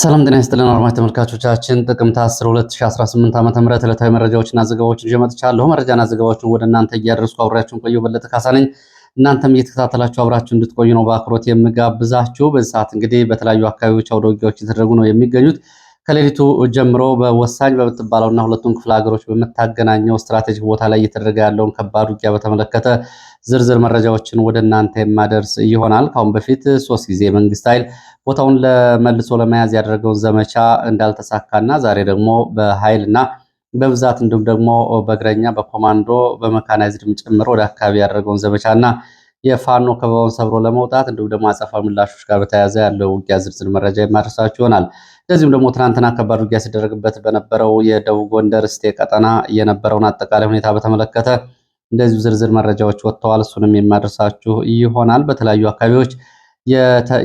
ሰላም ጤና ይስጥልን አድማጭ ተመልካቾቻችን፣ ጥቅምት 10 2018 ዓ.ም ተመረተ ዕለታዊ መረጃዎችና ዘገባዎችን ይዤ መጥቻለሁ። መረጃና ዘገባዎችን ወደ እናንተ እያደረስኩ አብራችሁን ቆዩ። በለጠ ካሳ ነኝ። እናንተም እየተከታተላችሁ አብራችሁ እንድትቆዩ ነው በአክብሮት የምጋብዛችሁ። በዚህ ሰዓት እንግዲህ በተለያዩ አካባቢዎች አውደ ውጊያዎች እየተደረጉ ነው የሚገኙት። ከሌሊቱ ጀምሮ በወሳኝ በምትባለውና ሁለቱን ክፍለ ሀገሮች በምታገናኘው ስትራቴጂክ ቦታ ላይ እየተደረገ ያለውን ከባድ ውጊያ በተመለከተ ዝርዝር መረጃዎችን ወደ እናንተ የማደርስ ይሆናል። ከአሁን በፊት ሶስት ጊዜ የመንግስት ኃይል ቦታውን ለመልሶ ለመያዝ ያደረገውን ዘመቻ እንዳልተሳካና ዛሬ ደግሞ በኃይልና በብዛት እንዲሁም ደግሞ በእግረኛ በኮማንዶ በመካናይዝድም ጭምር ወደ አካባቢ ያደረገውን ዘመቻና የፋኖ ከበባውን ሰብሮ ለመውጣት እንዲሁም ደግሞ አጸፋ ምላሾች ጋር በተያያዘ ያለው ውጊያ ዝርዝር መረጃ የማደርሳችሁ ይሆናል። እንደዚሁም ደግሞ ትናንትና ከባድ ውጊያ ሲደረግበት በነበረው የደቡብ ጎንደር እስቴ ቀጠና የነበረውን አጠቃላይ ሁኔታ በተመለከተ እንደዚሁ ዝርዝር መረጃዎች ወጥተዋል። እሱንም የማደርሳችሁ ይሆናል። በተለያዩ አካባቢዎች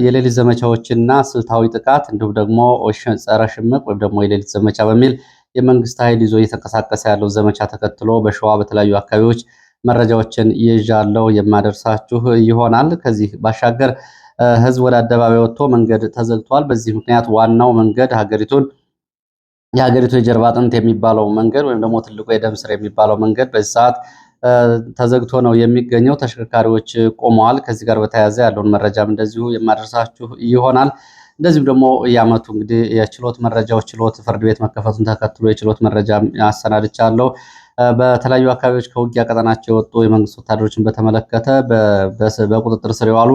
የሌሊት ዘመቻዎችና ስልታዊ ጥቃት እንዲሁም ደግሞ ጸረ ሽምቅ ወይም ደግሞ የሌሊት ዘመቻ በሚል የመንግስት ኃይል ይዞ እየተንቀሳቀሰ ያለው ዘመቻ ተከትሎ በሸዋ በተለያዩ አካባቢዎች መረጃዎችን ይዣለው የማደርሳችሁ ይሆናል። ከዚህ ባሻገር ህዝብ ወደ አደባባይ ወጥቶ መንገድ ተዘግቷል። በዚህ ምክንያት ዋናው መንገድ ሀገሪቱን የሀገሪቱ የጀርባ አጥንት የሚባለው መንገድ ወይም ደግሞ ትልቁ የደም ስር የሚባለው መንገድ በዚህ ሰዓት ተዘግቶ ነው የሚገኘው። ተሽከርካሪዎች ቆመዋል። ከዚህ ጋር በተያያዘ ያለውን መረጃም እንደዚሁ የማደርሳችሁ ይሆናል። እንደዚሁም ደግሞ የአመቱ እንግዲህ የችሎት መረጃዎች ችሎት ፍርድ ቤት መከፈቱን ተከትሎ የችሎት መረጃ አሰናድቻለሁ። በተለያዩ አካባቢዎች ከውጊያ ቀጠናቸው የወጡ የመንግስት ወታደሮችን በተመለከተ በቁጥጥር ስር የዋሉ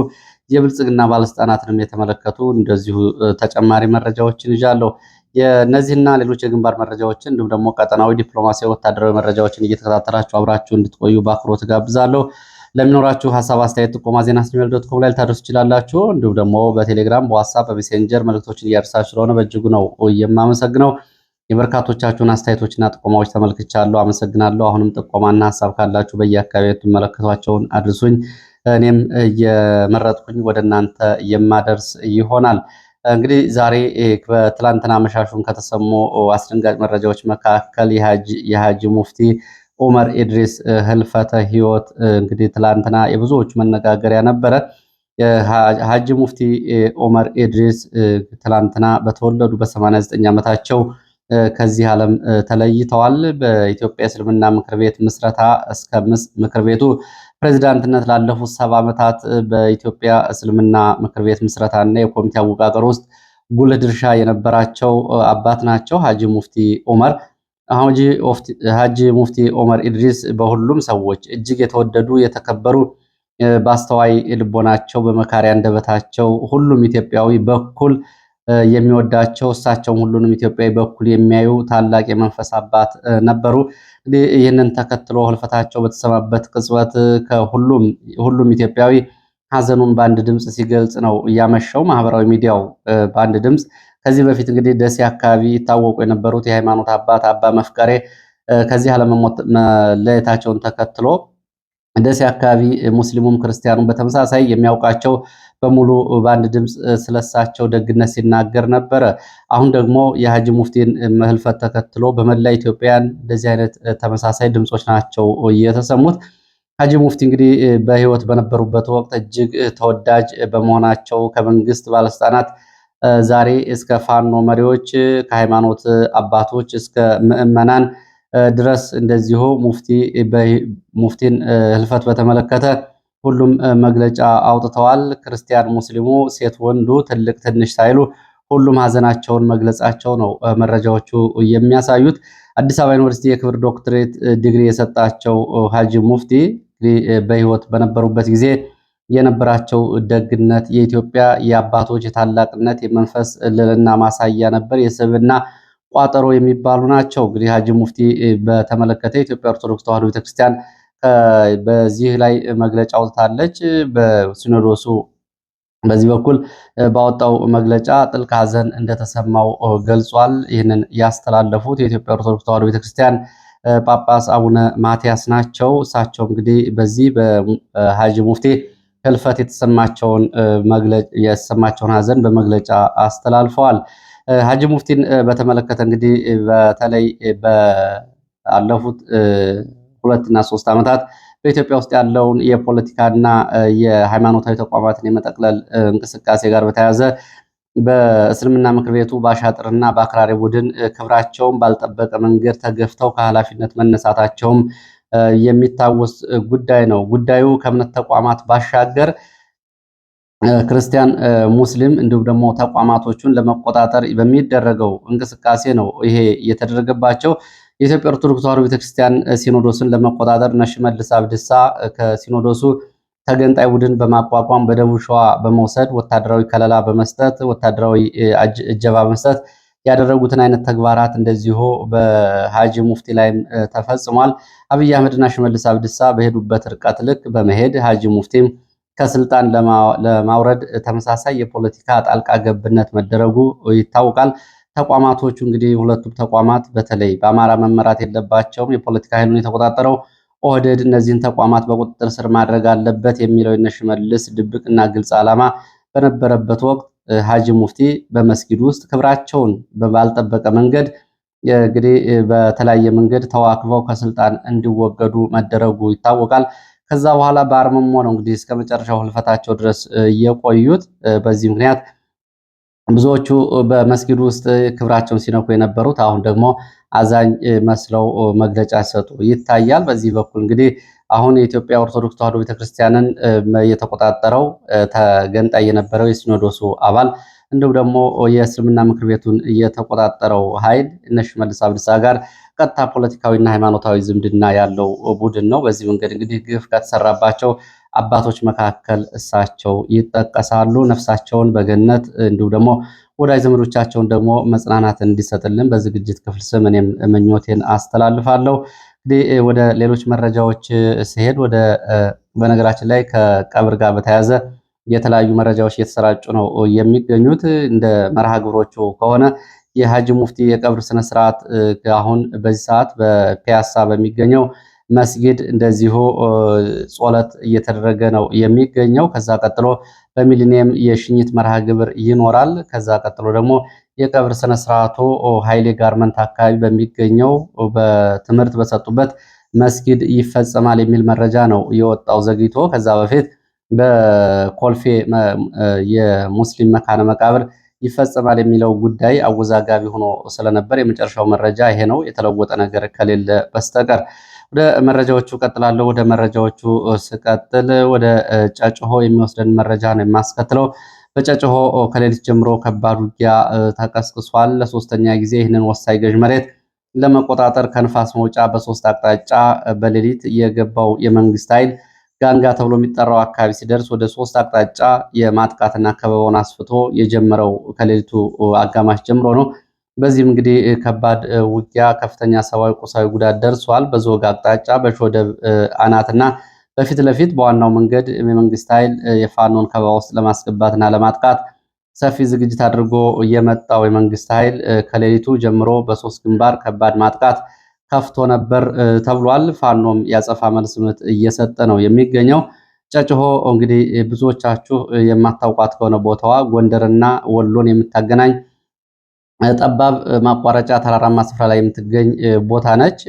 የብልጽግና ባለስልጣናትንም የተመለከቱ እንደዚሁ ተጨማሪ መረጃዎችን ይዣለሁ። የእነዚህና ሌሎች የግንባር መረጃዎችን እንዲሁም ደግሞ ቀጠናዊ ዲፕሎማሲያዊ፣ ወታደራዊ መረጃዎችን እየተከታተላችሁ አብራችሁ እንድትቆዩ በአክብሮት ጋብዛለሁ። ለሚኖራችሁ ሀሳብ፣ አስተያየት፣ ጥቆማ ዜና ጂሜል ዶት ኮም ላይ ልታደርሱ ይችላላችሁ። እንዲሁም ደግሞ በቴሌግራም በዋትሳፕ በሜሴንጀር መልእክቶችን እያደርሳችሁ ስለሆነ በእጅጉ ነው የማመሰግነው። የበርካቶቻችሁን አስተያየቶችና ጥቆማዎች ተመልክቻለሁ። አመሰግናለሁ። አሁንም ጥቆማና ሀሳብ ካላችሁ በየአካባቢ የምትመለከቷቸውን አድርሱኝ። እኔም እየመረጥኩኝ ወደ እናንተ የማደርስ ይሆናል። እንግዲህ ዛሬ በትላንትና መሻሹን ከተሰሙ አስደንጋጭ መረጃዎች መካከል የሀጂ ሙፍቲ ኡመር ኢድሪስ ህልፈተ ህይወት እንግዲህ ትላንትና የብዙዎች መነጋገሪያ ነበረ። ሀጂ ሙፍቲ ኡመር ኢድሪስ ትላንትና በተወለዱ በ89 ዓመታቸው ከዚህ ዓለም ተለይተዋል። በኢትዮጵያ እስልምና ምክር ቤት ምስረታ እስከ ምክር ቤቱ ፕሬዚዳንትነት ላለፉት ሰባ ዓመታት በኢትዮጵያ እስልምና ምክር ቤት ምስረታና የኮሚቴ አወቃቀር ውስጥ ጉልህ ድርሻ የነበራቸው አባት ናቸው ሀጂ ሙፍቲ ዑመር። ሀጂ ሙፍቲ ዑመር ኢድሪስ በሁሉም ሰዎች እጅግ የተወደዱ የተከበሩ፣ በአስተዋይ ልቦናቸው፣ በመካሪያ አንደበታቸው ሁሉም ኢትዮጵያዊ በኩል የሚወዳቸው እሳቸውም ሁሉንም ኢትዮጵያዊ በኩል የሚያዩ ታላቅ የመንፈስ አባት ነበሩ። እንግዲህ ይህንን ተከትሎ ህልፈታቸው በተሰማበት ቅጽበት ከሁሉም ኢትዮጵያዊ ሀዘኑን በአንድ ድምፅ ሲገልጽ ነው እያመሸው ማህበራዊ ሚዲያው በአንድ ድምፅ ከዚህ በፊት እንግዲህ ደሴ አካባቢ ይታወቁ የነበሩት የሃይማኖት አባት አባ መፍቀሬ ከዚህ ዓለም መለየታቸውን ተከትሎ ደሴ አካባቢ ሙስሊሙም ክርስቲያኑም በተመሳሳይ የሚያውቃቸው በሙሉ በአንድ ድምፅ ስለሳቸው ደግነት ሲናገር ነበረ። አሁን ደግሞ የሀጂ ሙፍቲን መህልፈት ተከትሎ በመላ ኢትዮጵያን እንደዚህ አይነት ተመሳሳይ ድምፆች ናቸው የተሰሙት። ሀጂ ሙፍቲ እንግዲህ በህይወት በነበሩበት ወቅት እጅግ ተወዳጅ በመሆናቸው ከመንግስት ባለስልጣናት ዛሬ እስከ ፋኖ መሪዎች ከሃይማኖት አባቶች እስከ ምዕመናን ድረስ እንደዚሁ ሙፍቲን ህልፈት በተመለከተ ሁሉም መግለጫ አውጥተዋል። ክርስቲያን ሙስሊሙ፣ ሴት ወንዱ፣ ትልቅ ትንሽ ሳይሉ ሁሉም ሀዘናቸውን መግለጻቸው ነው መረጃዎቹ የሚያሳዩት። አዲስ አበባ ዩኒቨርሲቲ የክብር ዶክትሬት ዲግሪ የሰጣቸው ሀጂ ሙፍቲ በህይወት በነበሩበት ጊዜ የነበራቸው ደግነት የኢትዮጵያ የአባቶች የታላቅነት የመንፈስ ልዕልና ማሳያ ነበር። የስብና ቋጠሮ የሚባሉ ናቸው። እንግዲህ ሀጂ ሙፍቲ በተመለከተ የኢትዮጵያ ኦርቶዶክስ ተዋሕዶ ቤተክርስቲያን በዚህ ላይ መግለጫ አውጥታለች። በሲኖዶሱ በዚህ በኩል ባወጣው መግለጫ ጥልቅ ሐዘን እንደተሰማው ገልጿል። ይህንን ያስተላለፉት የኢትዮጵያ ኦርቶዶክስ ተዋሕዶ ቤተክርስቲያን ጳጳስ አቡነ ማትያስ ናቸው። እሳቸው እንግዲህ በዚህ በሀጂ ሙፍቲ ህልፈት የተሰማቸውን ሐዘን በመግለጫ አስተላልፈዋል። ሀጂ ሙፍቲን በተመለከተ እንግዲህ በተለይ ባለፉት ሁለትና ሶስት ዓመታት በኢትዮጵያ ውስጥ ያለውን የፖለቲካና የሃይማኖታዊ ተቋማትን የመጠቅለል እንቅስቃሴ ጋር በተያያዘ በእስልምና ምክር ቤቱ በአሻጥርና በአክራሪ ቡድን ክብራቸውን ባልጠበቀ መንገድ ተገፍተው ከኃላፊነት መነሳታቸውም የሚታወስ ጉዳይ ነው። ጉዳዩ ከእምነት ተቋማት ባሻገር ክርስቲያን ሙስሊም እንዲሁም ደግሞ ተቋማቶቹን ለመቆጣጠር በሚደረገው እንቅስቃሴ ነው ይሄ እየተደረገባቸው። የኢትዮጵያ ኦርቶዶክስ ተዋሕዶ ቤተክርስቲያን ሲኖዶስን ለመቆጣጠር እነ ሽመልስ አብዲሳ ከሲኖዶሱ ተገንጣይ ቡድን በማቋቋም በደቡብ ሸዋ በመውሰድ ወታደራዊ ከለላ በመስጠት ወታደራዊ እጀባ በመስጠት ያደረጉትን አይነት ተግባራት እንደዚሁ በሃጂ ሙፍቲ ላይም ተፈጽሟል። አብይ አህመድና ሽመልስ አብዲሳ በሄዱበት ርቀት ልክ በመሄድ ሃጂ ሙፍቲም ከስልጣን ለማውረድ ተመሳሳይ የፖለቲካ ጣልቃ ገብነት መደረጉ ይታወቃል። ተቋማቶቹ እንግዲህ ሁለቱም ተቋማት በተለይ በአማራ መመራት የለባቸውም፣ የፖለቲካ ኃይሉን የተቆጣጠረው ኦህደድ እነዚህን ተቋማት በቁጥጥር ስር ማድረግ አለበት የሚለው የሽመልስ ድብቅና ግልጽ ዓላማ በነበረበት ወቅት ሀጂ ሙፍቲ በመስጊድ ውስጥ ክብራቸውን ባልጠበቀ መንገድ እንግዲህ በተለያየ መንገድ ተዋክበው ከስልጣን እንዲወገዱ መደረጉ ይታወቃል። ከዛ በኋላ በአርመሞ ነው እንግዲህ እስከ መጨረሻው ህልፈታቸው ድረስ የቆዩት። በዚህ ምክንያት ብዙዎቹ በመስጊዱ ውስጥ ክብራቸውን ሲነኩ የነበሩት አሁን ደግሞ አዛኝ መስለው መግለጫ ሲሰጡ ይታያል። በዚህ በኩል እንግዲህ አሁን የኢትዮጵያ ኦርቶዶክስ ተዋሕዶ ቤተክርስቲያንን የተቆጣጠረው ተገንጣይ የነበረው የሲኖዶሱ አባል እንዲሁም ደግሞ የእስልምና ምክር ቤቱን የተቆጣጠረው ኃይል እነ ሽመልስ አብዲሳ ጋር ቀጥታ ፖለቲካዊና ሃይማኖታዊ ዝምድና ያለው ቡድን ነው። በዚህ መንገድ እንግዲህ ግፍ ከተሰራባቸው አባቶች መካከል እሳቸው ይጠቀሳሉ። ነፍሳቸውን በገነት እንዲሁም ደግሞ ወዳጅ ዘመዶቻቸውን ደግሞ መጽናናት እንዲሰጥልን በዝግጅት ክፍል ስም እኔም ምኞቴን አስተላልፋለሁ። እንግዲህ ወደ ሌሎች መረጃዎች ሲሄድ ወደ በነገራችን ላይ ከቀብር ጋር በተያያዘ የተለያዩ መረጃዎች እየተሰራጩ ነው የሚገኙት እንደ መርሃ ግብሮቹ ከሆነ የሀጂ ሙፍቲ የቀብር ስነስርዓት አሁን በዚህ ሰዓት በፒያሳ በሚገኘው መስጊድ እንደዚሁ ጾለት እየተደረገ ነው የሚገኘው። ከዛ ቀጥሎ በሚሊኒየም የሽኝት መርሃ ግብር ይኖራል። ከዛ ቀጥሎ ደግሞ የቀብር ስነስርዓቱ ኃይሌ ጋርመንት አካባቢ በሚገኘው በትምህርት በሰጡበት መስጊድ ይፈጸማል የሚል መረጃ ነው የወጣው ዘግይቶ። ከዛ በፊት በኮልፌ የሙስሊም መካነ መቃብር ይፈጸማል የሚለው ጉዳይ አወዛጋቢ ሆኖ ስለነበር የመጨረሻው መረጃ ይሄ ነው፣ የተለወጠ ነገር ከሌለ በስተቀር። ወደ መረጃዎቹ ቀጥላለሁ። ወደ መረጃዎቹ ስቀጥል ወደ ጨጭሆ የሚወስደን መረጃ ነው የማስከትለው። በጨጭሆ ከሌሊት ጀምሮ ከባድ ውጊያ ተቀስቅሷል። ለሶስተኛ ጊዜ ይህንን ወሳኝ ገዥ መሬት ለመቆጣጠር ከንፋስ መውጫ በሶስት አቅጣጫ በሌሊት የገባው የመንግስት ኃይል ጋንጋ ተብሎ የሚጠራው አካባቢ ሲደርስ ወደ ሶስት አቅጣጫ የማጥቃትና ከበባውን አስፍቶ የጀመረው ከሌሊቱ አጋማሽ ጀምሮ ነው። በዚህም እንግዲህ ከባድ ውጊያ ከፍተኛ ሰብአዊ፣ ቁሳዊ ጉዳት ደርሷል። በዞግ አቅጣጫ በሾደብ አናትና በፊት ለፊት በዋናው መንገድ የመንግስት ኃይል የፋኖን ከበባ ውስጥ ለማስገባትና ለማጥቃት ሰፊ ዝግጅት አድርጎ የመጣው የመንግስት ኃይል ከሌሊቱ ጀምሮ በሶስት ግንባር ከባድ ማጥቃት ከፍቶ ነበር ተብሏል። ፋኖም ያጸፋ መልስ ምት እየሰጠ ነው የሚገኘው። ጨጭሆ እንግዲህ ብዙዎቻችሁ የማታውቋት ከሆነ ቦታዋ ጎንደርና ወሎን የምታገናኝ ጠባብ ማቋረጫ ተራራማ ስፍራ ላይ የምትገኝ ቦታ ነች።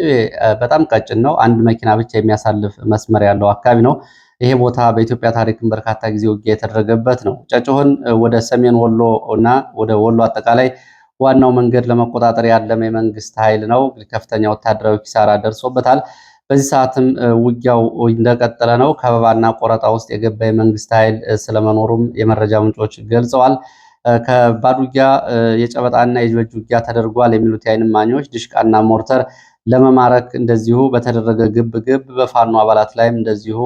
በጣም ቀጭን ነው። አንድ መኪና ብቻ የሚያሳልፍ መስመር ያለው አካባቢ ነው። ይሄ ቦታ በኢትዮጵያ ታሪክም በርካታ ጊዜ ውጊያ የተደረገበት ነው። ጨጭሆን ወደ ሰሜን ወሎ እና ወደ ወሎ አጠቃላይ ዋናው መንገድ ለመቆጣጠር ያለመ የመንግስት ኃይል ነው። ከፍተኛ ወታደራዊ ኪሳራ ደርሶበታል። በዚህ ሰዓትም ውጊያው እንደቀጠለ ነው። ከበባና ቆረጣ ውስጥ የገባ የመንግስት ኃይል ስለመኖሩም የመረጃ ምንጮች ገልጸዋል። ከባድ ውጊያ፣ የጨበጣና የጅበጅ ውጊያ ተደርጓል የሚሉት የዓይን እማኞች ድሽቃና ሞርተር ለመማረክ እንደዚሁ በተደረገ ግብ ግብ በፋኖ አባላት ላይም እንደዚሁ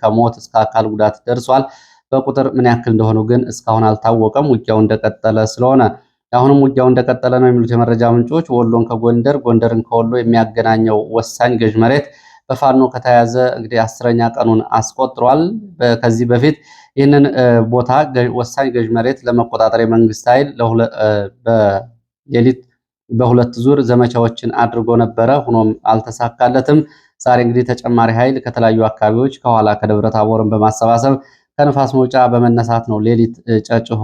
ከሞት እስከ አካል ጉዳት ደርሷል። በቁጥር ምን ያክል እንደሆኑ ግን እስካሁን አልታወቀም። ውጊያው እንደቀጠለ ስለሆነ አሁንም ውጊያው እንደቀጠለ ነው የሚሉት የመረጃ ምንጮች ወሎን ከጎንደር ጎንደርን ከወሎ የሚያገናኘው ወሳኝ ገዥ መሬት በፋኖ ከተያዘ እንግዲህ አስረኛ ቀኑን አስቆጥሯል። ከዚህ በፊት ይህንን ቦታ ወሳኝ ገዥ መሬት ለመቆጣጠር የመንግስት ኃይል ሌሊት በሁለት ዙር ዘመቻዎችን አድርጎ ነበረ። ሆኖም አልተሳካለትም። ዛሬ እንግዲህ ተጨማሪ ኃይል ከተለያዩ አካባቢዎች ከኋላ ከደብረ ታቦርን በማሰባሰብ ከንፋስ መውጫ በመነሳት ነው ሌሊት ጨጭሆ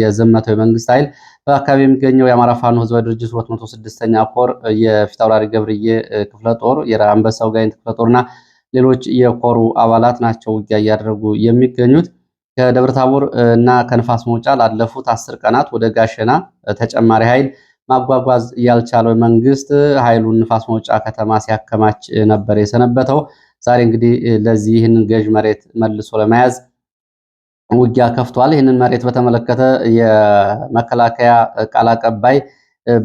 የዘመተው የመንግስት ኃይል በአካባቢ የሚገኘው የአማራ ፋኖ ህዝባዊ ድርጅት 206ኛ ኮር የፊት ገብርዬ ክፍለ ጦር የአንበሳው ጋይንት ክፍለ ጦርና ሌሎች የኮሩ አባላት ናቸው ውጊያ እያደረጉ የሚገኙት። ከደብረ ታቦር እና ከንፋስ መውጫ ላለፉት አስር ቀናት ወደ ጋሸና ተጨማሪ ኃይል ማጓጓዝ ያልቻለው መንግስት ኃይሉን ንፋስ መውጫ ከተማ ሲያከማች ነበር የሰነበተው። ዛሬ እንግዲህ ለዚህ ይህንን ገዥ መሬት መልሶ ለመያዝ ውጊያ ከፍቷል። ይህንን መሬት በተመለከተ የመከላከያ ቃል አቀባይ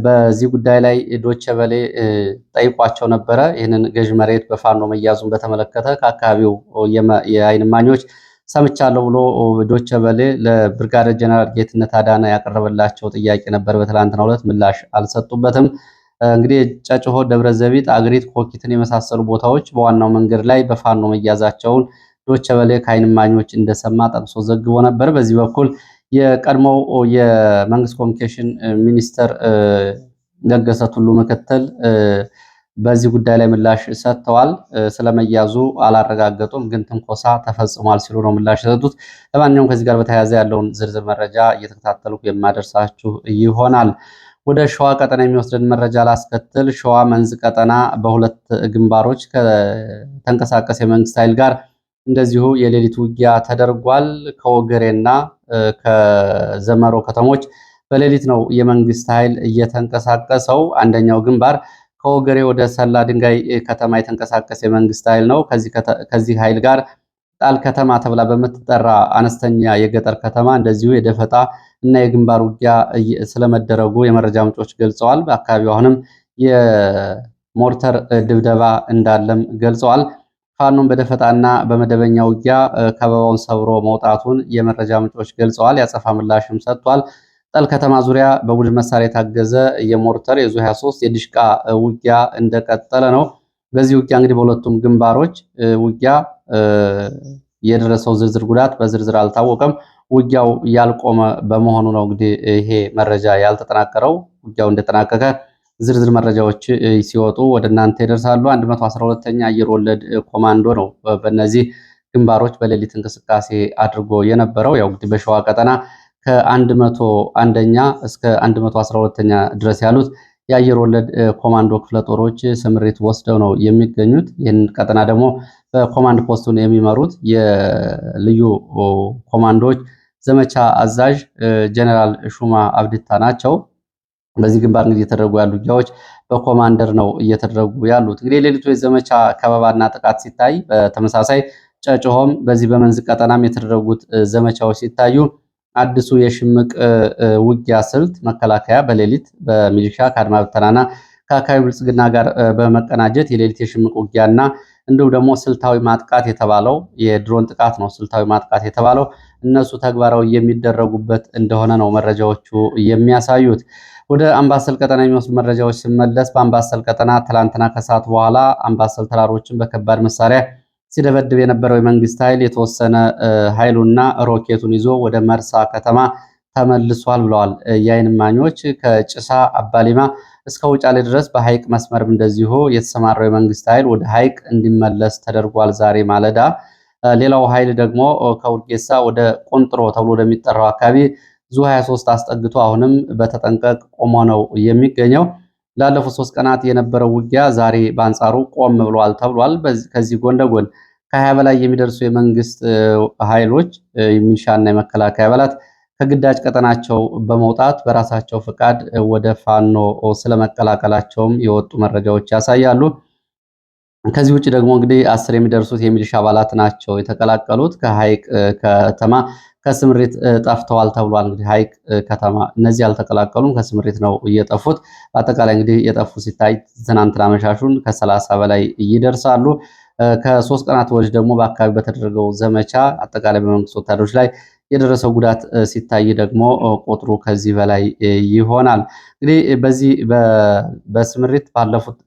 በዚህ ጉዳይ ላይ ዶቼ ቬለ ጠይቋቸው ነበረ። ይህንን ገዥ መሬት በፋኖ መያዙን በተመለከተ ከአካባቢው የአይን እማኞች ሰምቻለሁ ብሎ ዶቼ ቬለ ለብርጋዴር ጀነራል ጌትነት አዳነ ያቀረበላቸው ጥያቄ ነበር። በትላንትናው ዕለት ምላሽ አልሰጡበትም። እንግዲህ ጨጭሆ፣ ደብረ ዘቢት አግሪት፣ ኮኪትን የመሳሰሉ ቦታዎች በዋናው መንገድ ላይ በፋኖ መያዛቸውን ዶቸ በሌ ከዓይን እማኞች እንደሰማ ጠቅሶ ዘግቦ ነበር። በዚህ በኩል የቀድሞው የመንግስት ኮሚኒኬሽን ሚኒስተር ለገሰ ቱሉ ምክትል በዚህ ጉዳይ ላይ ምላሽ ሰጥተዋል። ስለመያዙ አላረጋገጡም፣ ግን ትንኮሳ ተፈጽሟል ሲሉ ነው ምላሽ የሰጡት። ለማንኛውም ከዚህ ጋር በተያያዘ ያለውን ዝርዝር መረጃ እየተከታተልኩ የማደርሳችሁ ይሆናል። ወደ ሸዋ ቀጠና የሚወስደን መረጃ ላስከትል። ሸዋ መንዝ ቀጠና በሁለት ግንባሮች ከተንቀሳቀሰ የመንግስት ኃይል ጋር እንደዚሁ የሌሊት ውጊያ ተደርጓል። ከወገሬና ከዘመሮ ከተሞች በሌሊት ነው የመንግስት ኃይል እየተንቀሳቀሰው። አንደኛው ግንባር ከወገሬ ወደ ሰላ ድንጋይ ከተማ የተንቀሳቀሰ የመንግስት ኃይል ነው። ከዚህ ኃይል ጋር ጣል ከተማ ተብላ በምትጠራ አነስተኛ የገጠር ከተማ እንደዚሁ የደፈጣ እና የግንባር ውጊያ ስለመደረጉ የመረጃ ምንጮች ገልጸዋል። በአካባቢው አሁንም የሞርተር ድብደባ እንዳለም ገልጸዋል። ፋኖም በደፈጣና በመደበኛ ውጊያ ከበባውን ሰብሮ መውጣቱን የመረጃ ምንጮች ገልጸዋል። ያጸፋ ምላሽም ሰጥቷል። ጣል ከተማ ዙሪያ በቡድን መሳሪያ የታገዘ የሞርተር የዙ 23 የድሽቃ ውጊያ እንደቀጠለ ነው። በዚህ ውጊያ እንግዲህ በሁለቱም ግንባሮች ውጊያ የደረሰው ዝርዝር ጉዳት በዝርዝር አልታወቀም። ውጊያው ያልቆመ በመሆኑ ነው እንግዲህ ይሄ መረጃ ያልተጠናቀረው። ውጊያው እንደጠናቀቀ ዝርዝር መረጃዎች ሲወጡ ወደ እናንተ ይደርሳሉ። 112ኛ አየር ወለድ ኮማንዶ ነው በእነዚህ ግንባሮች በሌሊት እንቅስቃሴ አድርጎ የነበረው። ያው እንግዲህ በሸዋ ቀጠና ከ101ኛ እስከ 112ኛ ድረስ ያሉት የአየር ወለድ ኮማንዶ ክፍለ ጦሮች ስምሪት ወስደው ነው የሚገኙት። ይህን ቀጠና ደግሞ በኮማንድ ፖስቱን የሚመሩት የልዩ ኮማንዶዎች ዘመቻ አዛዥ ጀነራል ሹማ አብዲታ ናቸው። በዚህ ግንባር እንግዲህ እየተደረጉ ያሉ ውጊያዎች በኮማንደር ነው እየተደረጉ ያሉት። እንግዲህ የሌሊቱ የዘመቻ ከበባና ጥቃት ሲታይ፣ በተመሳሳይ ጨጭሆም በዚህ በመንዝ ቀጠናም የተደረጉት ዘመቻዎች ሲታዩ አዲሱ የሽምቅ ውጊያ ስልት መከላከያ በሌሊት በሚሊሻ ከአድማ ብተናና ከአካባቢ ብልጽግና ጋር በመቀናጀት የሌሊት የሽምቅ ውጊያና እንዲሁም ደግሞ ስልታዊ ማጥቃት የተባለው የድሮን ጥቃት ነው። ስልታዊ ማጥቃት የተባለው እነሱ ተግባራዊ የሚደረጉበት እንደሆነ ነው መረጃዎቹ የሚያሳዩት። ወደ አምባሰል ቀጠና የሚወስዱ መረጃዎች ስመለስ በአምባሰል ቀጠና ትላንትና ከሰዓት በኋላ አምባሰል ተራሮችን በከባድ መሳሪያ ሲደበድብ የነበረው የመንግስት ኃይል የተወሰነ ኃይሉና ሮኬቱን ይዞ ወደ መርሳ ከተማ ተመልሷል ብለዋል የዓይን እማኞች። ከጭሳ አባሊማ እስከ ውጫሌ ድረስ በሐይቅ መስመርም እንደዚሁ የተሰማራው የመንግስት ኃይል ወደ ሐይቅ እንዲመለስ ተደርጓል ዛሬ ማለዳ። ሌላው ኃይል ደግሞ ከውርጌሳ ወደ ቆንጥሮ ተብሎ ወደሚጠራው አካባቢ ዙ 23 አስጠግቶ አሁንም በተጠንቀቅ ቆሞ ነው የሚገኘው። ላለፉት ሶስት ቀናት የነበረው ውጊያ ዛሬ በአንጻሩ ቆም ብሏል ተብሏል። ከዚህ ጎን ለጎን ከሀያ በላይ የሚደርሱ የመንግስት ኃይሎች የሚሊሻና የመከላከያ አባላት ከግዳጅ ቀጠናቸው በመውጣት በራሳቸው ፈቃድ ወደ ፋኖ ስለመቀላቀላቸውም የወጡ መረጃዎች ያሳያሉ። ከዚህ ውጭ ደግሞ እንግዲህ አስር የሚደርሱት የሚሊሻ አባላት ናቸው የተቀላቀሉት ከሀይቅ ከተማ ከስምሪት ጠፍተዋል ተብሏል። እንግዲህ ሀይቅ ከተማ እነዚህ አልተቀላቀሉም፣ ከስምሪት ነው እየጠፉት። በአጠቃላይ እንግዲህ የጠፉ ሲታይ ትናንትና መሻሹን ከሰላሳ በላይ ይደርሳሉ። ከሶስት ቀናት ወዲህ ደግሞ በአካባቢ በተደረገው ዘመቻ አጠቃላይ በመንግስት ወታደሮች ላይ የደረሰው ጉዳት ሲታይ ደግሞ ቁጥሩ ከዚህ በላይ ይሆናል። እንግዲህ በዚህ በስምሪት ባለፉት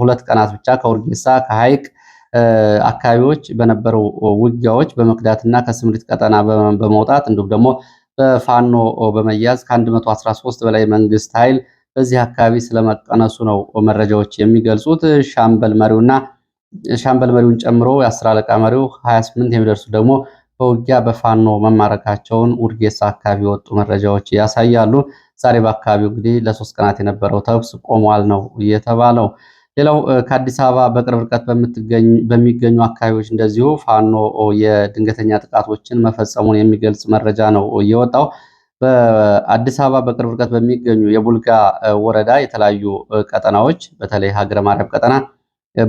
ሁለት ቀናት ብቻ ከውርጌሳ ከሀይቅ አካባቢዎች በነበሩ ውጊያዎች በመክዳትና ከስምሪት ቀጠና በመውጣት እንዲሁም ደግሞ በፋኖ በመያዝ ከ113 በላይ መንግስት ኃይል በዚህ አካባቢ ስለመቀነሱ ነው መረጃዎች የሚገልጹት። ሻምበል መሪውና ሻምበል መሪውን ጨምሮ የአስር አለቃ መሪው 28 የሚደርሱ ደግሞ በውጊያ በፋኖ መማረካቸውን ውርጌሳ አካባቢ የወጡ መረጃዎች ያሳያሉ። ዛሬ በአካባቢው እንግዲህ ለሶስት ቀናት የነበረው ተኩስ ቆሟል ነው እየተባለው። ሌላው ከአዲስ አበባ በቅርብ ርቀት በሚገኙ አካባቢዎች እንደዚሁ ፋኖ የድንገተኛ ጥቃቶችን መፈጸሙን የሚገልጽ መረጃ ነው የወጣው። በአዲስ አበባ በቅርብ ርቀት በሚገኙ የቡልጋ ወረዳ የተለያዩ ቀጠናዎች በተለይ ሀገረ ማርያም ቀጠና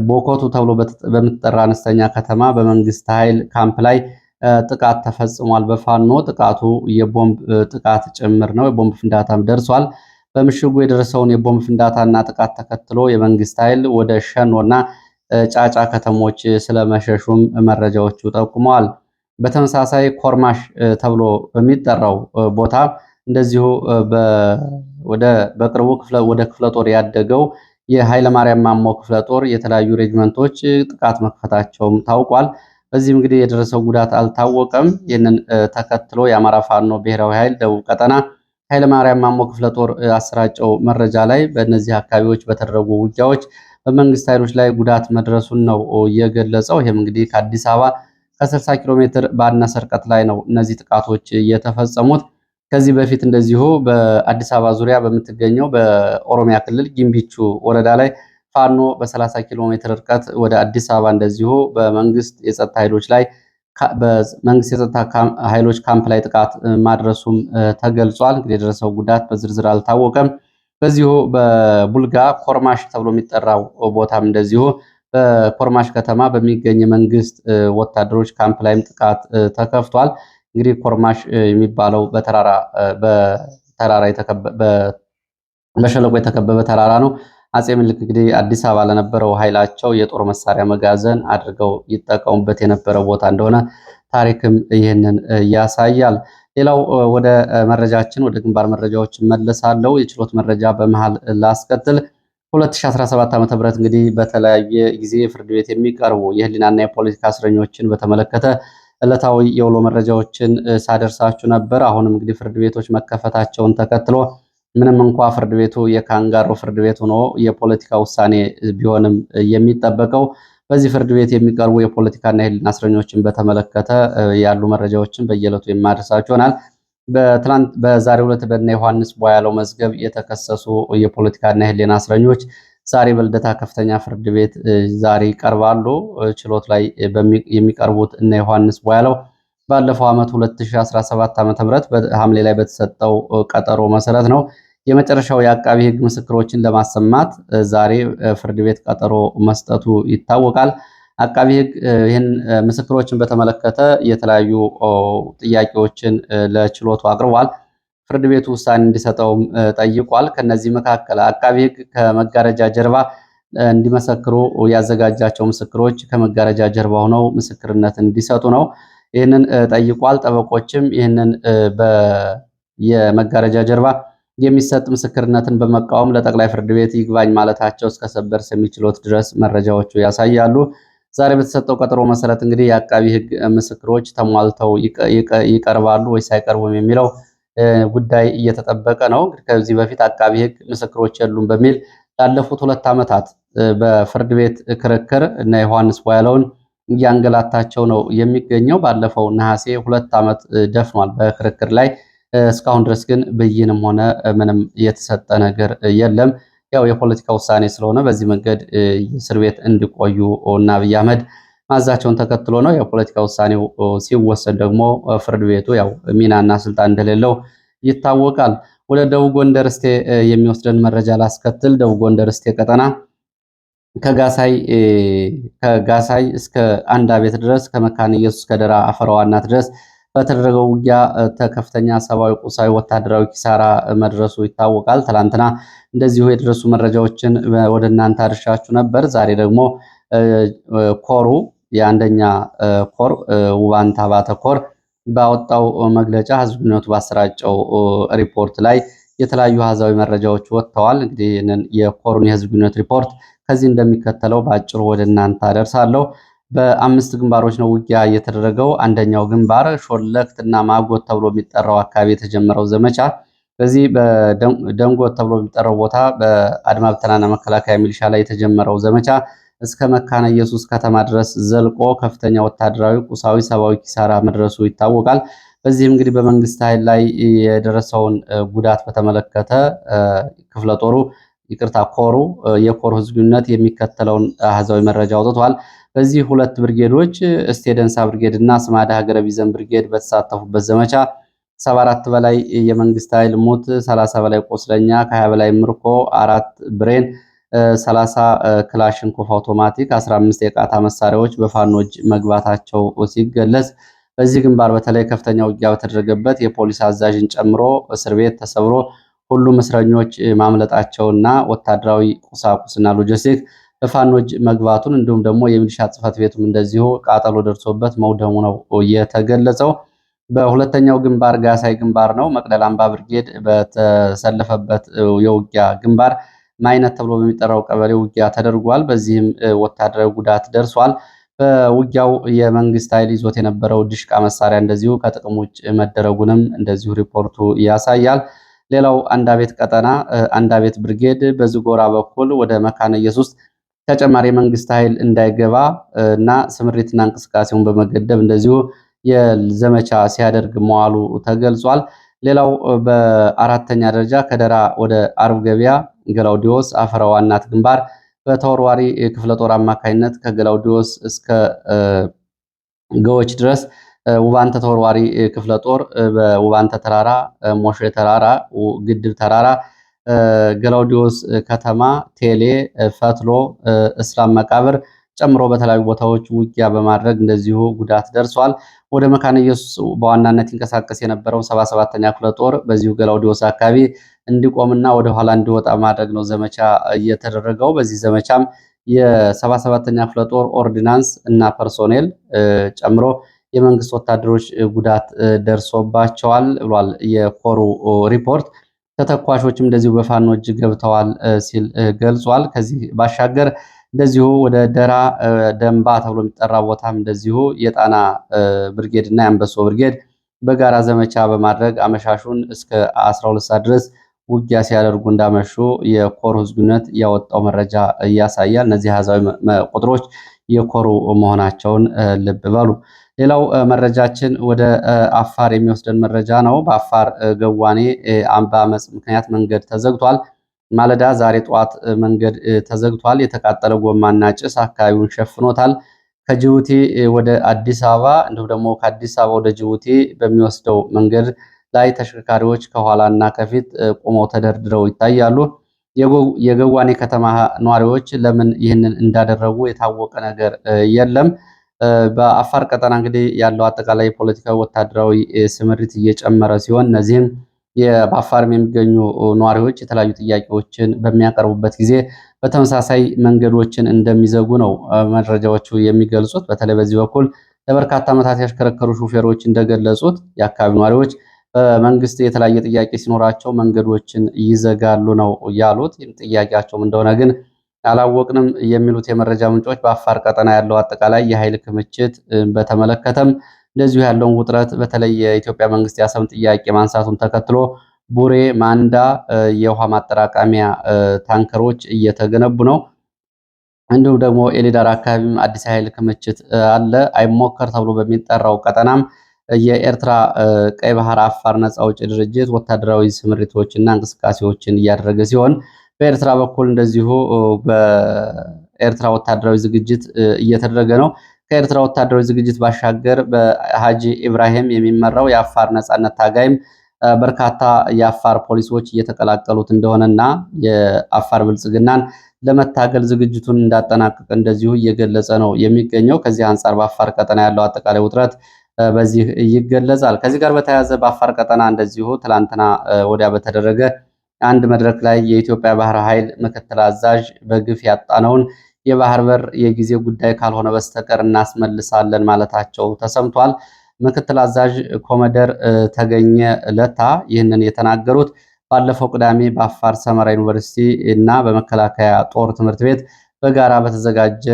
ቦኮቱ ተብሎ በምትጠራ አነስተኛ ከተማ በመንግስት ኃይል ካምፕ ላይ ጥቃት ተፈጽሟል። በፋኖ ጥቃቱ የቦምብ ጥቃት ጭምር ነው። የቦምብ ፍንዳታም ደርሷል። በምሽጉ የደረሰውን የቦምብ ፍንዳታና ጥቃት ተከትሎ የመንግስት ኃይል ወደ ሸኖና ጫጫ ከተሞች ስለመሸሹም መረጃዎቹ ጠቁመዋል። በተመሳሳይ ኮርማሽ ተብሎ በሚጠራው ቦታ እንደዚሁ በቅርቡ ወደ ክፍለ ጦር ያደገው የኃይለማርያም ማሞ ክፍለ ጦር የተለያዩ ሬጅመንቶች ጥቃት መክፈታቸውም ታውቋል። በዚህም እንግዲህ የደረሰው ጉዳት አልታወቀም። ይህንን ተከትሎ የአማራ ፋኖ ብሔራዊ ኃይል ደቡብ ቀጠና ኃይለማርያም ማሞ ክፍለ ጦር አሰራጨው መረጃ ላይ በእነዚህ አካባቢዎች በተደረጉ ውጊያዎች በመንግስት ኃይሎች ላይ ጉዳት መድረሱን ነው የገለጸው። ይህም እንግዲህ ከአዲስ አበባ ከ60 ኪሎ ሜትር ባነሰ ርቀት ላይ ነው እነዚህ ጥቃቶች የተፈጸሙት። ከዚህ በፊት እንደዚሁ በአዲስ አበባ ዙሪያ በምትገኘው በኦሮሚያ ክልል ጊምቢቹ ወረዳ ላይ ፋኖ በ30 ኪሎ ሜትር ርቀት ወደ አዲስ አበባ እንደዚሁ በመንግስት የጸጥታ ኃይሎች ላይ በመንግስት የጸጥታ ኃይሎች ካምፕ ላይ ጥቃት ማድረሱም ተገልጿል። እንግዲህ የደረሰው ጉዳት በዝርዝር አልታወቀም። በዚሁ በቡልጋ ኮርማሽ ተብሎ የሚጠራው ቦታም እንደዚሁ በኮርማሽ ከተማ በሚገኝ የመንግስት ወታደሮች ካምፕ ላይም ጥቃት ተከፍቷል። እንግዲህ ኮርማሽ የሚባለው በተራራ በሸለቆ የተከበበ ተራራ ነው። አጼ ምኒልክ እንግዲህ አዲስ አበባ ለነበረው ኃይላቸው የጦር መሳሪያ መጋዘን አድርገው ይጠቀሙበት የነበረ ቦታ እንደሆነ ታሪክም ይህንን ያሳያል። ሌላው ወደ መረጃችን ወደ ግንባር መረጃዎች መለሳለው። የችሎት መረጃ በመሃል ላስከትል። 2017 ዓ.ም እንግዲህ በተለያየ ጊዜ ፍርድ ቤት የሚቀርቡ የህሊናና የፖለቲካ እስረኞችን በተመለከተ ዕለታዊ የውሎ መረጃዎችን ሳደርሳችሁ ነበር። አሁንም እንግዲህ ፍርድ ቤቶች መከፈታቸውን ተከትሎ ምንም እንኳ ፍርድ ቤቱ የካንጋሮ ፍርድ ቤት ሆኖ የፖለቲካ ውሳኔ ቢሆንም የሚጠበቀው በዚህ ፍርድ ቤት የሚቀርቡ የፖለቲካና የሕሊና እስረኞችን በተመለከተ ያሉ መረጃዎችን በየዕለቱ የማድረሳቸው ይሆናል። በትናንት በዛሬው ዕለት በእነ ዮሐንስ ቧያለው መዝገብ የተከሰሱ የፖለቲካና የሕሊና እስረኞች ዛሬ በልደታ ከፍተኛ ፍርድ ቤት ዛሬ ይቀርባሉ። ችሎት ላይ የሚቀርቡት እነ ዮሐንስ ቧያለው ባለፈው ዓመት 2017 ም በሐምሌ ላይ በተሰጠው ቀጠሮ መሰረት ነው። የመጨረሻው የአቃቢ ህግ ምስክሮችን ለማሰማት ዛሬ ፍርድ ቤት ቀጠሮ መስጠቱ ይታወቃል። አቃቢ ህግ ይህን ምስክሮችን በተመለከተ የተለያዩ ጥያቄዎችን ለችሎቱ አቅርቧል። ፍርድ ቤቱ ውሳኔ እንዲሰጠውም ጠይቋል። ከነዚህ መካከል አቃቢ ህግ ከመጋረጃ ጀርባ እንዲመሰክሩ ያዘጋጃቸው ምስክሮች ከመጋረጃ ጀርባ ሆነው ምስክርነት እንዲሰጡ ነው። ይህንን ጠይቋል። ጠበቆችም ይህንን የመጋረጃ ጀርባ የሚሰጥ ምስክርነትን በመቃወም ለጠቅላይ ፍርድ ቤት ይግባኝ ማለታቸው እስከ ሰበር ሰሚ ችሎት ድረስ መረጃዎቹ ያሳያሉ። ዛሬ በተሰጠው ቀጠሮ መሰረት እንግዲህ የአቃቢ ሕግ ምስክሮች ተሟልተው ይቀርባሉ ወይስ አይቀርቡም የሚለው ጉዳይ እየተጠበቀ ነው። ከዚህ በፊት አቃቢ ሕግ ምስክሮች የሉም በሚል ላለፉት ሁለት ዓመታት በፍርድ ቤት ክርክር እና ዮሐንስ ቧያለውን እያንገላታቸው ነው የሚገኘው። ባለፈው ነሐሴ ሁለት ዓመት ደፍኗል በክርክር ላይ እስካሁን ድረስ ግን ብይንም ሆነ ምንም የተሰጠ ነገር የለም። ያው የፖለቲካ ውሳኔ ስለሆነ በዚህ መንገድ እስር ቤት እንዲቆዩ እና አብይ አህመድ ማዛቸውን ተከትሎ ነው። የፖለቲካ ውሳኔው ሲወሰድ ደግሞ ፍርድ ቤቱ ያው ሚናና ስልጣን እንደሌለው ይታወቃል። ወደ ደቡብ ጎንደር እስቴ የሚወስደን መረጃ ላስከትል። ደቡብ ጎንደር እስቴ ቀጠና ከጋሳይ ከጋሳይ እስከ አንድ አቤት ድረስ ከመካነ ኢየሱስ ከደራ አፈራዋናት ድረስ በተደረገው ውጊያ ከፍተኛ ሰብአዊ፣ ቁሳዊ፣ ወታደራዊ ኪሳራ መድረሱ ይታወቃል። ትላንትና እንደዚሁ የደረሱ መረጃዎችን ወደ እናንተ አድርሻችሁ ነበር። ዛሬ ደግሞ ኮሩ የአንደኛ ኮር ውባንታ ባተ ኮር ባወጣው መግለጫ ህዝብ ግንኙነቱ ባሰራጨው ሪፖርት ላይ የተለያዩ አሃዛዊ መረጃዎች ወጥተዋል። እንግዲህ የኮሩን የህዝብ ግንኙነት ሪፖርት ከዚህ እንደሚከተለው በአጭሩ ወደ እናንተ አደርሳለሁ። በአምስት ግንባሮች ነው ውጊያ የተደረገው። አንደኛው ግንባር ሾለክት እና ማጎት ተብሎ የሚጠራው አካባቢ የተጀመረው ዘመቻ በዚህ ደንጎት ተብሎ የሚጠራው ቦታ በአድማ ብተናና መከላከያ ሚሊሻ ላይ የተጀመረው ዘመቻ እስከ መካነ ኢየሱስ ከተማ ድረስ ዘልቆ ከፍተኛ ወታደራዊ፣ ቁሳዊ፣ ሰብአዊ ኪሳራ መድረሱ ይታወቃል። በዚህም እንግዲህ በመንግስት ኃይል ላይ የደረሰውን ጉዳት በተመለከተ ክፍለ ጦሩ ይቅርታ፣ ኮሩ የኮር ህዝብነት የሚከተለውን አህዛዊ መረጃ አውጥቷል። በዚህ ሁለት ብርጌዶች እስቴደንሳ ብርጌድ እና ስማዳ ሀገረ ቢዘን ብርጌድ በተሳተፉበት ዘመቻ 74 በላይ የመንግስት ኃይል ሞት፣ 30 በላይ ቆስለኛ፣ ከ20 በላይ ምርኮ፣ አራት ብሬን፣ 30 ክላሽንኮፍ አውቶማቲክ፣ 15 የቃታ መሳሪያዎች በፋኖች መግባታቸው ሲገለጽ በዚህ ግንባር በተለይ ከፍተኛ ውጊያ በተደረገበት የፖሊስ አዛዥን ጨምሮ እስር ቤት ተሰብሮ ሁሉም እስረኞች ማምለጣቸውና ወታደራዊ ቁሳቁስና ሎጂስቲክ ፋኖች መግባቱን እንዲሁም ደግሞ የሚሊሻ ጽሕፈት ቤቱም እንደዚሁ ቃጠሎ ደርሶበት መውደሙ ነው የተገለጸው። በሁለተኛው ግንባር ጋሳይ ግንባር ነው። መቅደል አምባ ብርጌድ በተሰለፈበት የውጊያ ግንባር ማይነት ተብሎ በሚጠራው ቀበሌ ውጊያ ተደርጓል። በዚህም ወታደራዊ ጉዳት ደርሷል። በውጊያው የመንግስት ኃይል ይዞት የነበረው ድሽቃ መሳሪያ እንደዚሁ ከጥቅም ውጭ መደረጉንም እንደዚሁ ሪፖርቱ ያሳያል። ሌላው አንዳቤት ቀጠና አንዳቤት ብርጌድ በዝጎራ በኩል ወደ መካነ ኢየሱስ ተጨማሪ የመንግስት ኃይል እንዳይገባ እና ስምሪትና እንቅስቃሴውን በመገደብ እንደዚሁ የዘመቻ ሲያደርግ መዋሉ ተገልጿል። ሌላው በአራተኛ ደረጃ ከደራ ወደ አርብ ገበያ ገላውዲዮስ አፈረዋ እናት ግንባር በተወርዋሪ ክፍለ ጦር አማካኝነት ከገላውዲዮስ እስከ ገዎች ድረስ ውባንተ ተወርዋሪ ክፍለ ጦር በውባንተ ተራራ፣ ሞሼ ተራራ፣ ግድብ ተራራ ገላውዲዮስ ከተማ፣ ቴሌ፣ ፈትሎ፣ እስላም መቃብር ጨምሮ በተለያዩ ቦታዎች ውጊያ በማድረግ እንደዚሁ ጉዳት ደርሷል። ወደ መካነ ኢየሱስ በዋናነት ይንቀሳቀስ የነበረው ሰባ ሰባተኛ ክፍለ ጦር በዚሁ ገላውዲዮስ አካባቢ እንዲቆምና ወደኋላ እንዲወጣ ማድረግ ነው ዘመቻ እየተደረገው። በዚህ ዘመቻም የሰባ ሰባተኛ ክፍለ ጦር ኦርዲናንስ እና ፐርሶኔል ጨምሮ የመንግስት ወታደሮች ጉዳት ደርሶባቸዋል ብሏል የኮሩ ሪፖርት። ተተኳሾችም እንደዚሁ በፋኖ እጅ ገብተዋል ሲል ገልጿል። ከዚህ ባሻገር እንደዚሁ ወደ ደራ ደንባ ተብሎ የሚጠራ ቦታም እንደዚሁ የጣና ብርጌድ እና የአንበሶ ብርጌድ በጋራ ዘመቻ በማድረግ አመሻሹን እስከ 12 ሰዓት ድረስ ውጊያ ሲያደርጉ እንዳመሹ የኮሩ ህዝብነት ያወጣው መረጃ ያሳያል። እነዚህ አሃዛዊ ቁጥሮች የኮሩ መሆናቸውን ልብ በሉ። ሌላው መረጃችን ወደ አፋር የሚወስደን መረጃ ነው። በአፋር ገዋኔ በአመፅ ምክንያት መንገድ ተዘግቷል። ማለዳ ዛሬ ጠዋት መንገድ ተዘግቷል። የተቃጠለ ጎማና ጭስ አካባቢውን ሸፍኖታል። ከጅቡቲ ወደ አዲስ አበባ እንዲሁም ደግሞ ከአዲስ አበባ ወደ ጅቡቲ በሚወስደው መንገድ ላይ ተሽከርካሪዎች ከኋላና ከፊት ቆመው ተደርድረው ይታያሉ። የገዋኔ ከተማ ነዋሪዎች ለምን ይህንን እንዳደረጉ የታወቀ ነገር የለም። በአፋር ቀጠና እንግዲህ ያለው አጠቃላይ የፖለቲካ ወታደራዊ ስምሪት እየጨመረ ሲሆን እነዚህም በአፋርም የሚገኙ ነዋሪዎች የተለያዩ ጥያቄዎችን በሚያቀርቡበት ጊዜ በተመሳሳይ መንገዶችን እንደሚዘጉ ነው መረጃዎቹ የሚገልጹት። በተለይ በዚህ በኩል ለበርካታ ዓመታት ያሽከረከሩ ሹፌሮች እንደገለጹት የአካባቢ ነዋሪዎች በመንግስት የተለያየ ጥያቄ ሲኖራቸው መንገዶችን ይዘጋሉ ነው ያሉት። ጥያቄያቸውም እንደሆነ ግን አላወቅንም የሚሉት የመረጃ ምንጮች በአፋር ቀጠና ያለው አጠቃላይ የኃይል ክምችት በተመለከተም እንደዚሁ ያለውን ውጥረት በተለይ የኢትዮጵያ መንግስት የአሰብን ጥያቄ ማንሳቱን ተከትሎ ቡሬ ማንዳ የውሃ ማጠራቀሚያ ታንከሮች እየተገነቡ ነው። እንዲሁም ደግሞ ኤሊዳር አካባቢም አዲስ የኃይል ክምችት አለ። አይሞከር ተብሎ በሚጠራው ቀጠናም የኤርትራ ቀይ ባህር አፋር ነፃ አውጪ ድርጅት ወታደራዊ እና እንቅስቃሴዎችን እያደረገ ሲሆን በኤርትራ በኩል እንደዚሁ በኤርትራ ወታደራዊ ዝግጅት እየተደረገ ነው። ከኤርትራ ወታደራዊ ዝግጅት ባሻገር በሀጂ ኢብራሂም የሚመራው የአፋር ነፃነት ታጋይም በርካታ የአፋር ፖሊሶች እየተቀላቀሉት እንደሆነና የአፋር ብልጽግናን ለመታገል ዝግጅቱን እንዳጠናቀቅ እንደዚሁ እየገለጸ ነው የሚገኘው። ከዚህ አንጻር በአፋር ቀጠና ያለው አጠቃላይ ውጥረት በዚህ ይገለጻል። ከዚህ ጋር በተያያዘ በአፋር ቀጠና እንደዚሁ ትላንትና ወዲያ በተደረገ አንድ መድረክ ላይ የኢትዮጵያ ባህር ኃይል ምክትል አዛዥ በግፍ ያጣነውን የባህር በር የጊዜ ጉዳይ ካልሆነ በስተቀር እናስመልሳለን ማለታቸው ተሰምቷል። ምክትል አዛዥ ኮመደር ተገኘ ለታ ይህንን የተናገሩት ባለፈው ቅዳሜ በአፋር ሰመራ ዩኒቨርሲቲ እና በመከላከያ ጦር ትምህርት ቤት በጋራ በተዘጋጀ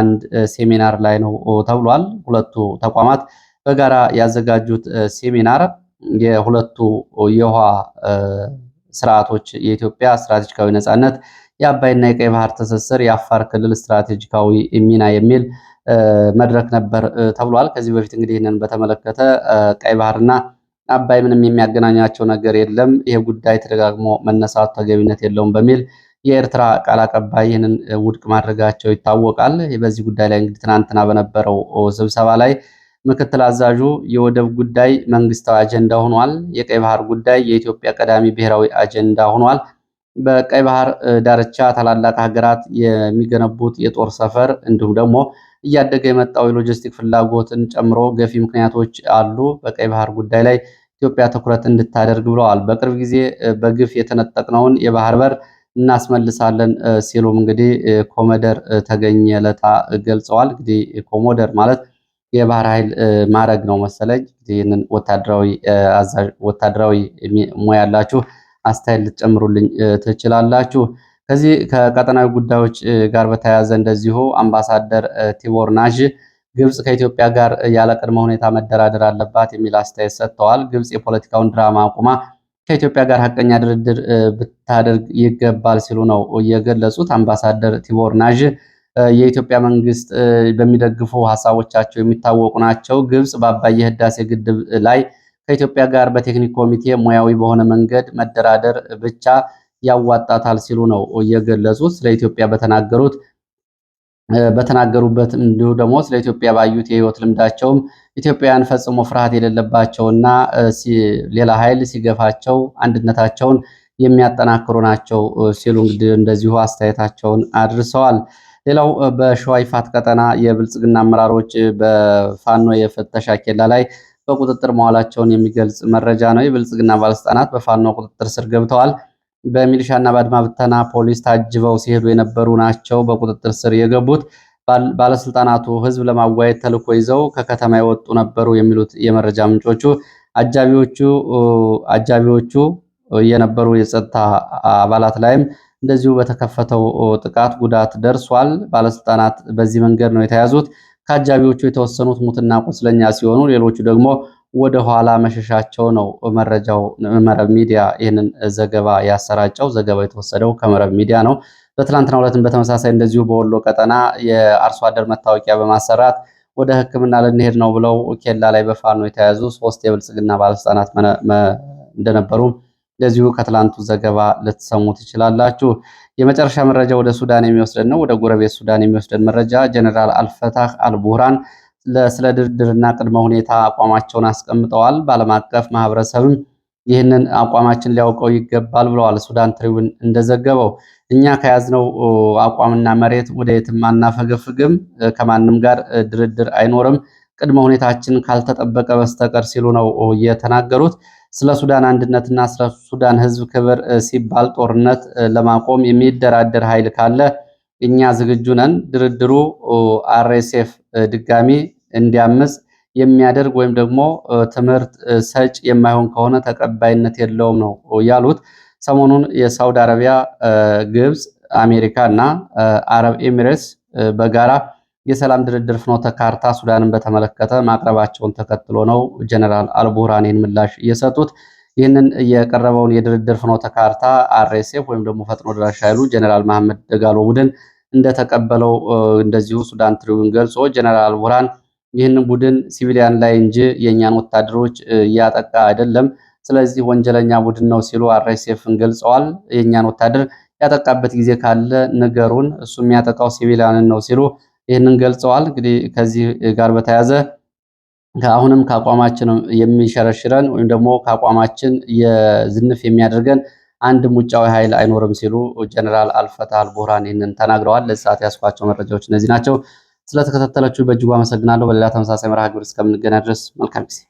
አንድ ሴሚናር ላይ ነው ተብሏል። ሁለቱ ተቋማት በጋራ ያዘጋጁት ሴሚናር የሁለቱ የውሃ ስርዓቶች የኢትዮጵያ ስትራቴጂካዊ ነጻነት፣ የአባይና የቀይ ባህር ትስስር፣ የአፋር ክልል ስትራቴጂካዊ ሚና የሚል መድረክ ነበር ተብሏል። ከዚህ በፊት እንግዲህ ይህንን በተመለከተ ቀይ ባህርና አባይ ምንም የሚያገናኛቸው ነገር የለም፣ ይህ ጉዳይ ተደጋግሞ መነሳቱ ተገቢነት የለውም በሚል የኤርትራ ቃል አቀባይ ይህንን ውድቅ ማድረጋቸው ይታወቃል። በዚህ ጉዳይ ላይ እንግዲህ ትናንትና በነበረው ስብሰባ ላይ ምክትል አዛዡ የወደብ ጉዳይ መንግስታዊ አጀንዳ ሆኗል፣ የቀይ ባህር ጉዳይ የኢትዮጵያ ቀዳሚ ብሔራዊ አጀንዳ ሆኗል፣ በቀይ ባህር ዳርቻ ታላላቅ ሀገራት የሚገነቡት የጦር ሰፈር እንዲሁም ደግሞ እያደገ የመጣው የሎጂስቲክ ፍላጎትን ጨምሮ ገፊ ምክንያቶች አሉ፣ በቀይ ባህር ጉዳይ ላይ ኢትዮጵያ ትኩረት እንድታደርግ ብለዋል። በቅርብ ጊዜ በግፍ የተነጠቅነውን የባህር በር እናስመልሳለን ሲሉም እንግዲህ ኮሞደር ተገኘ ለታ ገልጸዋል። እንግዲህ ኮሞደር ማለት የባህር ኃይል ማዕረግ ነው መሰለኝ። ይህንን ወታደራዊ ሙያ ያላችሁ አስተያየት ልትጨምሩልኝ ትችላላችሁ። ከዚህ ከቀጠናዊ ጉዳዮች ጋር በተያያዘ እንደዚሁ አምባሳደር ቲቦር ናዥ ግብፅ ከኢትዮጵያ ጋር ያለ ቅድመ ሁኔታ መደራደር አለባት የሚል አስተያየት ሰጥተዋል። ግብፅ የፖለቲካውን ድራማ አቁማ ከኢትዮጵያ ጋር ሀቀኛ ድርድር ብታደርግ ይገባል ሲሉ ነው የገለጹት አምባሳደር ቲቦር ናዥ የኢትዮጵያ መንግስት በሚደግፉ ሀሳቦቻቸው የሚታወቁ ናቸው። ግብጽ በአባይ ህዳሴ ግድብ ላይ ከኢትዮጵያ ጋር በቴክኒክ ኮሚቴ ሙያዊ በሆነ መንገድ መደራደር ብቻ ያዋጣታል ሲሉ ነው የገለጹት። ስለ ኢትዮጵያ በተናገሩት በተናገሩበት እንዲሁ ደግሞ ስለ ኢትዮጵያ ባዩት የህይወት ልምዳቸውም ኢትዮጵያውያን ፈጽሞ ፍርሃት የሌለባቸውና ሌላ ኃይል ሲገፋቸው አንድነታቸውን የሚያጠናክሩ ናቸው ሲሉ እንግዲህ እንደዚሁ አስተያየታቸውን አድርሰዋል። ሌላው በሸዋ ይፋት ቀጠና የብልጽግና አመራሮች በፋኖ የፍተሻ ኬላ ላይ በቁጥጥር መዋላቸውን የሚገልጽ መረጃ ነው። የብልጽግና ባለስልጣናት በፋኖ ቁጥጥር ስር ገብተዋል። በሚሊሻና በአድማ ብተና ፖሊስ ታጅበው ሲሄዱ የነበሩ ናቸው በቁጥጥር ስር የገቡት። ባለስልጣናቱ ህዝብ ለማዋየት ተልዕኮ ይዘው ከከተማ የወጡ ነበሩ የሚሉት የመረጃ ምንጮቹ አጃቢዎቹ የነበሩ የጸጥታ አባላት ላይም እንደዚሁ በተከፈተው ጥቃት ጉዳት ደርሷል። ባለስልጣናት በዚህ መንገድ ነው የተያዙት። ከአጃቢዎቹ የተወሰኑት ሙትና ቁስለኛ ሲሆኑ፣ ሌሎቹ ደግሞ ወደ ኋላ መሸሻቸው ነው መረጃው። መረብ ሚዲያ ይህንን ዘገባ ያሰራጨው። ዘገባ የተወሰደው ከመረብ ሚዲያ ነው። በትላንትና ሁለትም በተመሳሳይ እንደዚሁ በወሎ ቀጠና የአርሶ አደር መታወቂያ በማሰራት ወደ ሕክምና ልንሄድ ነው ብለው ኬላ ላይ በፋኖ የተያዙ ሶስት የብልጽግና ባለስልጣናት እንደነበሩ እንደዚሁ ከትላንቱ ዘገባ ልትሰሙ ትችላላችሁ። የመጨረሻ መረጃ ወደ ሱዳን የሚወስደን ነው። ወደ ጎረቤት ሱዳን የሚወስደን መረጃ ጀነራል አልፈታህ አልቡራን ስለ ድርድርና ቅድመ ሁኔታ አቋማቸውን አስቀምጠዋል። በዓለም አቀፍ ማህበረሰብም ይህንን አቋማችን ሊያውቀው ይገባል ብለዋል። ሱዳን ትሪቡን እንደዘገበው እኛ ከያዝነው አቋምና መሬት ወደ የትም አናፈገፍግም፣ ከማንም ጋር ድርድር አይኖርም፣ ቅድመ ሁኔታችን ካልተጠበቀ በስተቀር ሲሉ ነው የተናገሩት። ስለ ሱዳን አንድነትና ስለ ሱዳን ህዝብ ክብር ሲባል ጦርነት ለማቆም የሚደራደር ኃይል ካለ እኛ ዝግጁ ነን። ድርድሩ አርኤስኤፍ ድጋሚ እንዲያምፅ የሚያደርግ ወይም ደግሞ ትምህርት ሰጭ የማይሆን ከሆነ ተቀባይነት የለውም ነው ያሉት። ሰሞኑን የሳውዲ አረቢያ፣ ግብፅ፣ አሜሪካ እና አረብ ኤሚሬትስ በጋራ የሰላም ድርድር ፍኖተ ካርታ ሱዳንን በተመለከተ ማቅረባቸውን ተከትሎ ነው ጀነራል አልቡራኔን ምላሽ እየሰጡት። ይህንን የቀረበውን የድርድር ፍኖተ ካርታ አርኤስኤፍ ወይም ደግሞ ፈጥኖ ድራሽ ኃይሉ ጀነራል መሐመድ ደጋሎ ቡድን እንደተቀበለው እንደዚሁ ሱዳን ትሪቡን ገልጾ ጀነራል አልቡራን ይህንን ቡድን ሲቪሊያን ላይ እንጂ የእኛን ወታደሮች እያጠቃ አይደለም፣ ስለዚህ ወንጀለኛ ቡድን ነው ሲሉ አርኤስኤፍን ገልጸዋል። የእኛን ወታደር ያጠቃበት ጊዜ ካለ ንገሩን፣ እሱ የሚያጠቃው ሲቪሊያንን ነው ሲሉ ይህንን ገልጸዋል። እንግዲህ ከዚህ ጋር በተያያዘ አሁንም ከአቋማችን የሚሸረሽረን ወይም ደግሞ ከአቋማችን የዝንፍ የሚያደርገን አንድም ውጫዊ ኃይል አይኖርም ሲሉ ጀነራል አልፈታህ አልቡርሃን ይህንን ተናግረዋል። ለሰዓት ያስኳቸው መረጃዎች እነዚህ ናቸው። ስለተከታተላችሁ በእጅጉ አመሰግናለሁ። በሌላ ተመሳሳይ መርሃ ግብር እስከምንገናኝ ድረስ መልካም ጊዜ